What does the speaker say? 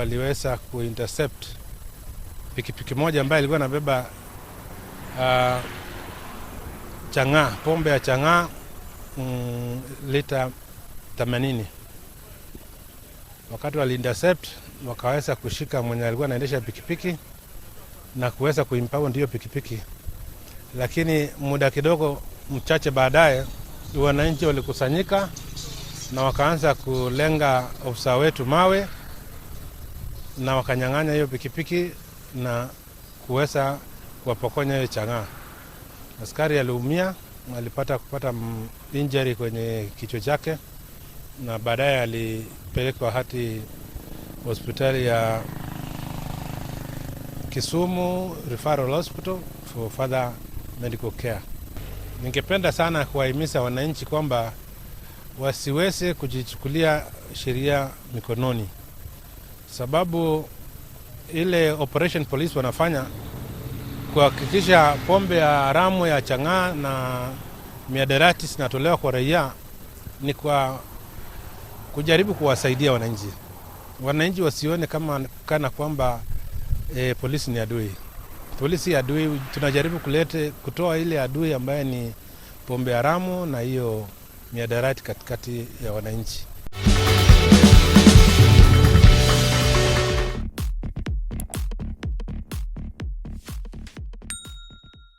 waliweza kuintercept pikipiki moja ambayo ilikuwa inabeba uh, chang'aa, pombe ya chang'aa mm, lita 80. Wakati wali intercept wakaweza kushika mwenye alikuwa anaendesha pikipiki na kuweza kuimpound ndio pikipiki, lakini muda kidogo mchache baadaye wananchi walikusanyika na wakaanza kulenga ofisa wetu mawe na wakanyang'anya hiyo pikipiki na kuweza kuwapokonya hiyo chang'aa. Askari aliumia, alipata kupata injury kwenye kichwa chake, na baadaye alipelekwa hati hospitali ya Kisumu Referral Hospital for further medical care. Ningependa sana kuwahimiza wananchi kwamba wasiweze kujichukulia sheria mikononi sababu ile operation police wanafanya kuhakikisha pombe ya haramu ya chang'aa na miadarati zinatolewa kwa raia ni kwa kujaribu kuwasaidia wananchi, wananchi wasione kama kana kwamba e, polisi ni adui. Polisi adui, tunajaribu kulete kutoa ile adui ambaye ni pombe haramu na hiyo miadarati katikati ya wananchi.